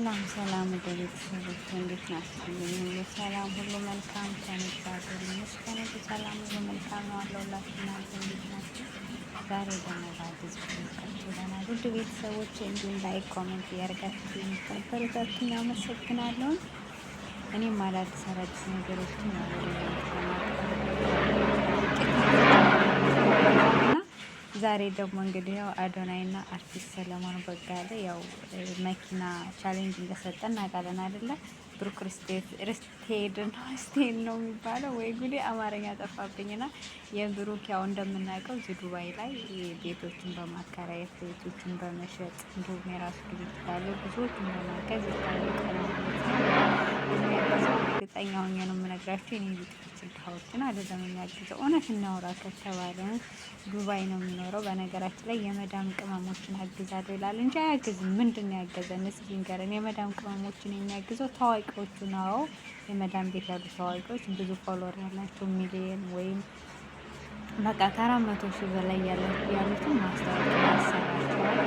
ሰላም ሰላም ወደ ቤተሰቦች እንዴት ናችሁ? ሁሉ ሰላም፣ ሁሉ መልካም ከመዛገር ይመስገን። ሰላም ሁሉ መልካም ነው አለሁላችሁ። እናንተ እንዴት ናችሁ? ዛሬ በመባዲዝ ቀጥለናል። ውድ ቤተሰቦች እንዲሁም ላይክ ኮሜንት እያደረጋችሁ የምትከበረታችሁ አመሰግናለሁ። እኔም አዳዲስ አዳዲስ ነገሮችን ነው ዛሬ ደግሞ እንግዲህ ያው አዶናይና አርቲስት ሰለሞን በጋለ ያው መኪና ቻሌንጅ እንደሰጠ እናውቃለን አይደለ? ብሩክ ሪስቴድ ነው ስቴድ ነው የሚባለው ወይ ጉዴ አማርኛ ጠፋብኝና፣ የብሩክ ያው እንደምናውቀው እዚህ ዱባይ ላይ ቤቶችን በማከራየት ቤቶችን በመሸጥ እንዲሁም የራሱ ድርጅት ካለ ብዙዎችን በማገዝ ይታወቃል። እርግጠኛ ሆኜ ነው የምነግራቸው የኔ ድሃዎችን አይደለም የሚያግዘው። እውነት እናውራ ከተባለ ዱባይ ነው የሚኖረው። በነገራችን ላይ የመዳም ቅመሞችን አግዛለሁ ይላል እንጂ አያግዝም። ምንድን ነው ያገዘን እስኪ ንገረን። የመዳም ቅመሞችን የሚያግዘው ታዋቂዎቹ ነው። የመዳም ቤት ያሉ ታዋቂዎች ብዙ ፎሎወር ያላቸው ሚሊየን ወይም በቃ ከአራት መቶ ሺህ በላይ ያሉትን ማስታወቂያ ያሰራቸዋል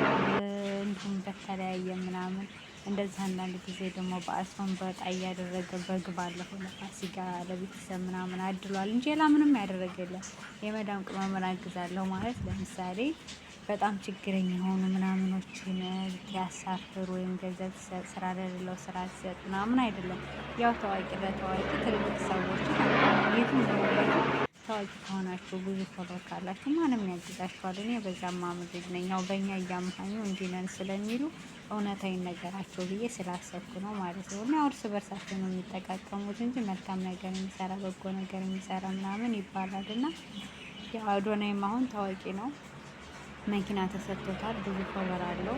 እንዲሁም በተለያየ ምናምን እንደዚህ አንዳንድ ጊዜ ደግሞ በአስፋን በጣ እያደረገ በግ ባለፈው ለፋሲካ ለቤተሰብ ምናምን አድሏል እንጂ ሌላ ምንም ያደረገ የለም። የመዳም ቅመምን አግዛለሁ ማለት ለምሳሌ በጣም ችግረኝ የሆኑ ምናምኖችን ያሳፍር ወይም ገንዘብ ስራ ለሌለው ስራ ሲሰጥ ምናምን አይደለም። ያው ታዋቂ ለታዋቂ ትልልቅ ሰዎች የትም ታዋቂ ከሆናችሁ ብዙ ፎሎ ካላችሁ ማንም ያግዛችኋል። እኔ በዛ ማምድ ነኝ። ያው በእኛ እያመካኙ እንዲነን ስለሚሉ እውነታዊ ነገራቸው ብዬ ስላሰብኩ ነው ማለት ነው። እና እርስ በርሳቸው ነው የሚጠቃቀሙት እንጂ መልካም ነገር የሚሰራ በጎ ነገር የሚሰራ ምናምን ይባላል። እና የአዶናይም አሁን ታዋቂ ነው፣ መኪና ተሰጥቶታል፣ ብዙ ከበር አለው።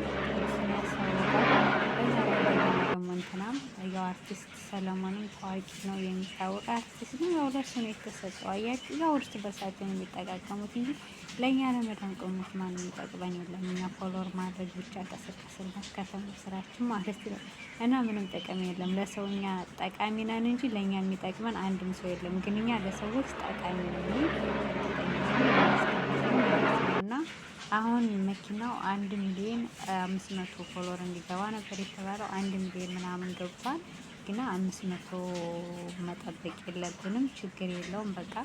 እንትናም ያው አርቲስት ሰለሞንም ታዋቂ ነው የሚታወቅ አርቲስት ነው። ያው ለእርሱ ነው የተሰጠው። አያችሁ ያው እርስ በርሳቸው የሚጠቃቀሙት እንጂ ለእኛ ለመዳን ቅሙት ማን የሚጠቅበን የለም። እኛ ፎሎር ማድረግ ብቻ ቀስቀስል መከተም ስራችን ማለት ነው እና ምንም ጥቅም የለም። ለሰው እኛ ጠቃሚ ነን እንጂ ለእኛ የሚጠቅመን አንድም ሰው የለም። ግን እኛ ለሰዎች ጠቃሚ ነው። አሁን መኪናው አንድ ሚሊዮን አምስት መቶ ኮሎር እንዲገባ ነበር የተባለው። አንድ ሚሊዮን ምናምን ገብቷል። ግና አምስት መቶ መጠበቅ የለብንም ችግር የለውም በቃ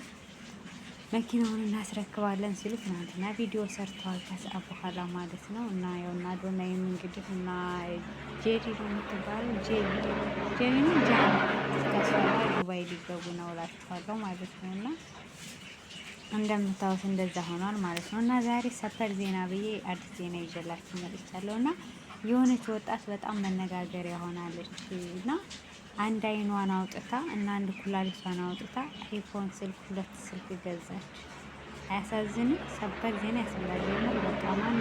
መኪናውን እናስረክባለን ሲሉ ትናንትና ቪዲዮ ሰርተዋል። ከሰዓ በኋላ ማለት ነው እና ያው እና ዶናይም እንግዲህ እና ጄሪ ነው የምትባለው ጄሪ ጄሪ ነው ጃ ከሷ ዱባይ ሊገቡ ነው እላችኋለሁ ማለት ነው እና እንደምታዩት እንደዛ ሆኗል ማለት ነው። እና ዛሬ ሰበር ዜና ብዬ አዲስ ዜና ይዤላችሁ መጥቻለሁ። እና የሆነች ወጣት በጣም መነጋገሪያ ሆናለች እና አንድ አይኗን አውጥታ እና አንድ ኩላሊቷን አውጥታ አይፎን ስልክ ሁለት ስልክ ገዛች። አያሳዝንም? ሰበር ዜና ያስብላል። በቃ ነው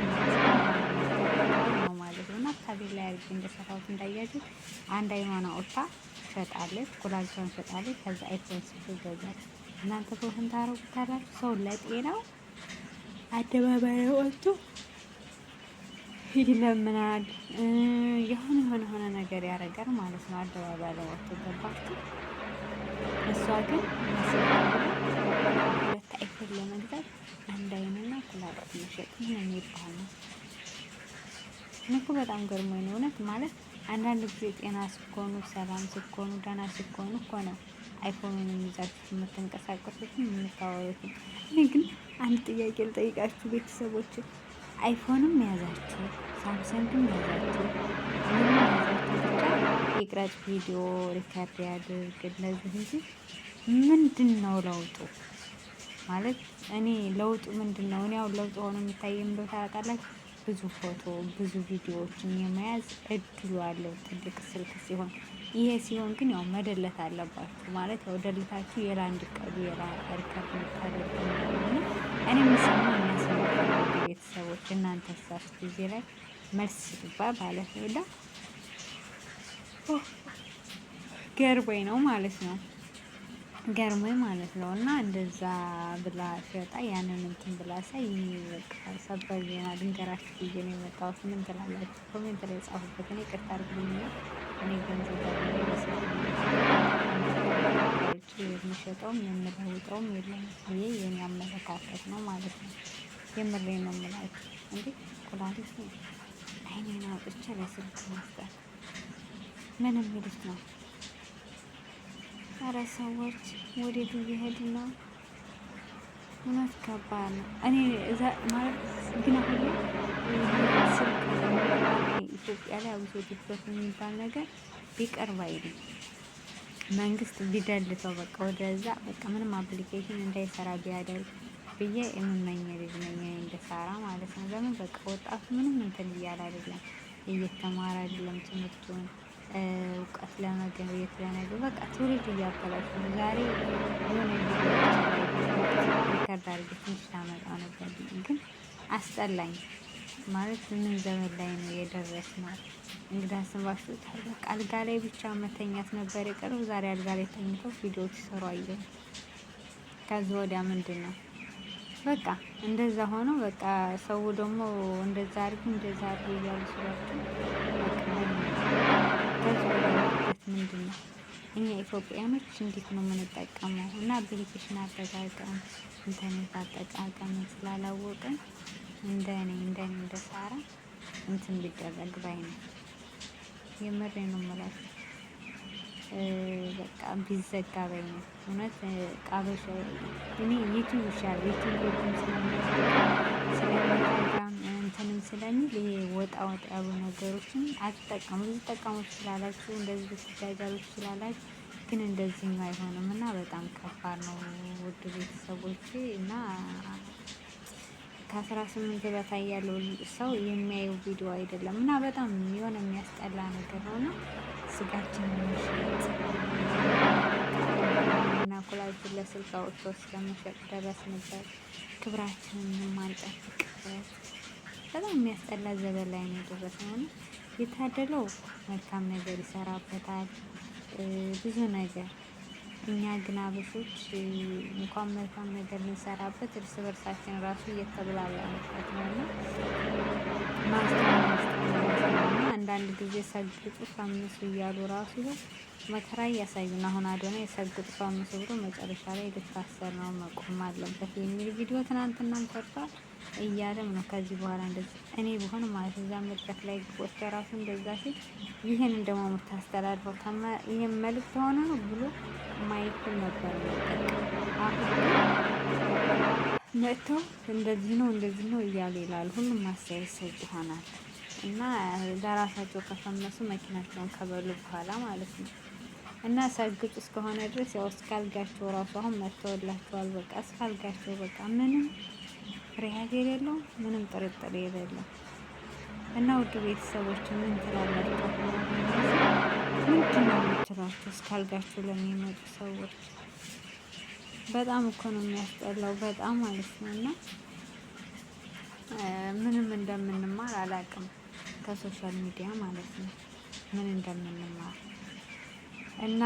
ማለት ነው። እና ከቤት ላይ አድርጌ እንደሰራሁት እንዳያችሁ አንድ አይኗን አውጥታ ሸጣለች፣ ኩላሊቷን ሸጣለች። ከዛ አይፎን ስልክ ገዛች። እናንተ ፎቶን ታረጉታላችሁ። ሰው ለጤናው አደባባይ ወጥቶ ይለምናል። የሆነ የሆነ ሆነ ነገር ያደርጋል ማለት ነው። አደባባይ ላይ ገባችሁ። እሷ ግን ሁለት አይፎን ለመግዛት አንድ አይንና ኩላሊት መሸጥ ምን የሚባል ነው? እኔ እኮ በጣም ገርሞኝ ነው እውነት ማለት አንዳንድ ጊዜ ጤና ስኮኑ ሰላም ስኮኑ ደህና ስኮኑ እኮ ነው አይፎኑን የሚይዛችሁ የምትንቀሳቀሱት የምታወሩት። እኔ ግን አንድ ጥያቄ ልጠይቃችሁ ቤተሰቦች፣ አይፎንም ያዛችሁ፣ ሳምሰንግም ያዛችሁ፣ የቅራጭ ቪዲዮ ሪከርድ ያድርግ እንደዚህ እንጂ ምንድን ነው ለውጡ? ማለት እኔ ለውጡ ምንድን ነው? እኔ አሁን ለውጥ ሆኖ የሚታየኝ ብታውቃላችሁ ብዙ ፎቶ ብዙ ቪዲዮዎችን የመያዝ እድሉ አለው ትልቅ ስልክ ሲሆን፣ ይሄ ሲሆን ግን ያው መደለት አለባችሁ ማለት ያው ደልታችሁ የላ እንዲቀዱ የላ እርከት እንድታደርጉ ሆነ እኔ የሚሰማ የሚያስመ ቤተሰቦች እናንተ ሳስ ጊዜ ላይ መልስ ስጡባ ማለት ነው። ገርበኝ ነው ማለት ነው። ገርሞኝ ማለት ነው። እና እንደዛ ብላ ሲወጣ ያንን እንትን ብላ ሳይ በቃ ሰበር ዜና ልንገራችሁ ብዬ ነው የመጣሁት። ምን ትላላችሁ? ኮሜንት ላይ የጻፉበት እኔ ቅርታ አድርጉኝ። እኔ ገንዘብ የምሸጠውም የምለውጠውም የለም። ይሄ የኔ አመለካከት ነው ማለት ነው። የምሬ ነው የምላችሁ። እንዴ ኩላሊት አይኔን አውጥቼ ለስልክ መስጠት ምንም የሚሉት ነው? አረ ሰዎች ወዴት እየሄዱ ነው? እውነት ከባድ ነው። እኔ እዛ ማለት ግን አሁን ስልክ ኢትዮጵያ ላይ አብሶ ድበት የሚባል ነገር ቢቀርብ አይልም መንግስት ቢደልተው በቃ ወደዛ በቃ ምንም አፕሊኬሽን እንዳይሰራ ቢያደርግ ብዬ የምመኝ ልጅ ነኝ እንደሳራ ማለት ነው። ለምን በቃ ወጣቱ ምንም እንትን እያለ አይደለም እየተማረ አይደለም ትምህርቱን እውቀት ለመገብየት ለነገ በቃ ትውልድ እያበላሽ ነው። ዛሬ የሆነ ሪከርድ አድርጌ ትንሽ ታመጣ ነበር፣ ግን አስጠላኝ። ማለት ምን ዘመን ላይ ነው የደረስ ነው? እንግዳ ስንባሽታል። በቃ አልጋ ላይ ብቻ መተኛት ነበር የቀረው። ዛሬ አልጋ ላይ ተኝተው ቪዲዮ ሲሰሩ አየሁ። ከዚ ወዲያ ምንድን ነው በቃ እንደዛ ሆኖ በቃ ሰው ደግሞ እንደዛ አድርጉ እንደዛ አድርጉ እያሉ ስሏቸው እኛ ኢትዮጵያኖች እንዴት ነው የምንጠቀመው? እና አፕሊኬሽን አጠቃቀም ኢንተርኔት አጠቃቀም ስላላወቅን እንደኔ እንደኔ እንደሳራ እንትን ቢደረግ ባይ ነው። የምሬ ነው የምላችሁ። በቃ ቢዘጋ ባይ ነው። እውነት ቃበሻ እኔ ዩቲዩብ ይሻላል ዩቲዩብ ስለሚዘጋ ስለሚዘጋም እንትንም ስለሚ ወጣ ወጣ ያሉ ነገሮችን አትጠቀሙ ልትጠቀሙ ትችላላችሁ፣ እንደዚህ ብትጃጃሉ ትችላላችሁ። ግን እንደዚህም አይሆንም እና በጣም ከባድ ነው ውድ ቤተሰቦች እና ከአስራ ስምንት በታይ ያለው ሰው የሚያዩ ቪዲዮ አይደለም እና በጣም የሆነ የሚያስጠላ ነገር ነው ሆነ። ስጋችን እና ኩላሊቱን ለስልክ አውጥቶ ስለመሸጥ ድረስ ነበር ክብራችንን ማንጠብቅበት በጣም የሚያስጠላ ዘበን ላይ ነው የደረስነው የታደለው መልካም ነገር ይሰራበታል ብዙ ነገር። እኛ ግን አበሾች እንኳን መልካም ነገር ልንሰራበት እርስ በርሳችን ራሱ እየተብላላንበት ነው እና አንዳንድ ጊዜ ሰግጡ ፈምሱ እያሉ ራሱ መከራ እያሳዩን አሁን አዶና የሰግጡ ፈምሱ ብሎ መጨረሻ ላይ ልታሰር ነው መቆም አለበት የሚል ቪዲዮ ትናንትናም ሰርቷል። እያለም ነው። ከዚህ በኋላ እንደዚህ እኔ ብሆን ማለት እዛ መድረክ ላይ ግቦች ራሱ እንደዛ ሲል ይህን ደግሞ የምታስተላልፈው ይህን መልዕክት ሆነ ነው ብሎ ማየትን ነበር። መጥቶ እንደዚህ ነው እንደዚህ ነው እያሉ ይላሉ። ሁሉም ማስተያየት ሰጭ ይሆናል እና ለራሳቸው ከፈመሱ መኪናቸውን ከበሉ በኋላ ማለት ነው እና ሰግጡ እስከሆነ ድረስ ያው እስካልጋቸው ራሱ አሁን መጥተውላቸዋል። በቃ እስካልጋቸው በቃ ምንም ፍሬ ሀገር የሌለው ምንም ጥርጥር የሌለው እና ውድ ቤተሰቦች ምን ትላላችሁ? ምንድን ነው የምትላችሁ? እስካልጋችሁ ለሚመጡ ሰዎች በጣም እኮ ነው የሚያስጠላው፣ በጣም ማለት ነው። እና ምንም እንደምንማር አላውቅም፣ ከሶሻል ሚዲያ ማለት ነው ምን እንደምንማር እና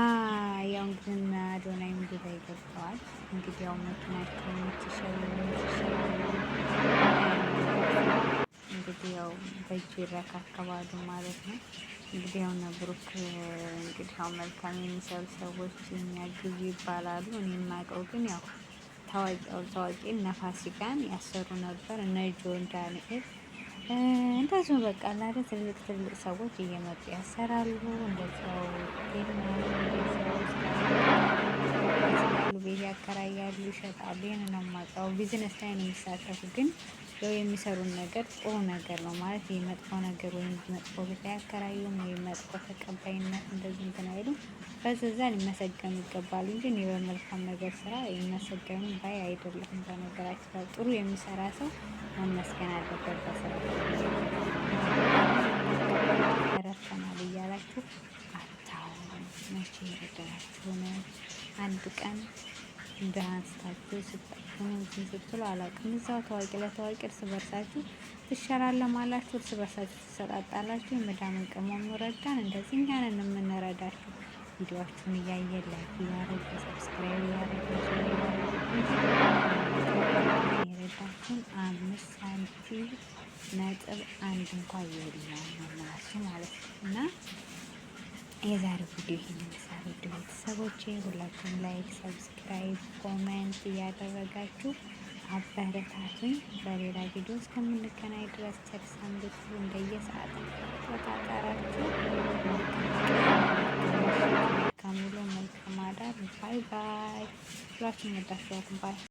ያው እንግዲህ እና አዶናይም ዱባይ ገብተዋል። እንግዲህ ያው መኪናቸው የምትሸሉ እንግዲህ ያው በእጁ ይረካከባሉ ማለት ነው። እንግዲህ ያው እነ ብሩክ እንግዲህ ያው መልካም የሚሰሩ ሰዎች የሚያግዙ ይባላሉ። እኔ የማውቀው ግን ያው ታዋቂ ታዋቂ ነፋሲ ጋን ያሰሩ ነበር እነ ጆን ዳንኤል እንደዚሁም በቃ ላደ ትልልቅ ትልልቅ ሰዎች እየመጡ ያሰራሉ። እንደዚያው ፊልም ቤት ያከራያሉ፣ ይሸጣሉ። ይህን ነው የማውቀው። ቢዝነስ ላይ ነው የሚሳተፉ። ግን ያው የሚሰሩን ነገር ጥሩ ነገር ነው ማለት የመጥፎ ነገር ወይም መጥፎ ቤት አያከራዩም ወይም መጥፎ ተቀባይነት እንደዚህ እንትን አይሉ። በዛ ሊመሰገኑ ይገባሉ እንጂ እኔ በመልካም ነገር ስራ የሚመሰገኑ ባይ አይደለም። በነገራችን ላይ ጥሩ የሚሰራ ሰው መመስገን አለበት በስራ ረተናል እያላችሁ አታውሩ መቼ ይረዳችሁ ነው አንድ ቀን እንደ አንስታችሁ ስታችሁ እንትን ስትሉ አላውቅም። እዛው ታዋቂ ለታዋቂ እርስ በርሳችሁ ትሻላለም አላችሁ፣ እርስ በርሳችሁ ትሰጣጣላችሁ። የመዳምን ቅመም ረዳን፣ እንደዚህ እኛንን የምንረዳችሁ ቪዲዮችሁን እያየን ላይክ እያረጉ ሰብስክራይብ እያረጉ የረዳችሁን አምስት ሳንቲም ነጥብ አንድ እንኳ ማለት ነው እና የዛሬ ቪዲዮ ይህን ቤተሰቦቼ ሁላችሁም ላይክ፣ ሰብስክራይብ፣ ኮሜንት እያደረጋችሁ አበረታቱኝ። በሌላ ቪዲዮ እስከምንገናኝ ድረስ ቸር ሰንብቱ። እንደየሰዓት ተጣጣራችሁ ከሙሉ መልካም አዳር። ባይ ባይ። ሁላችሁም ወዳችኋል። ባይ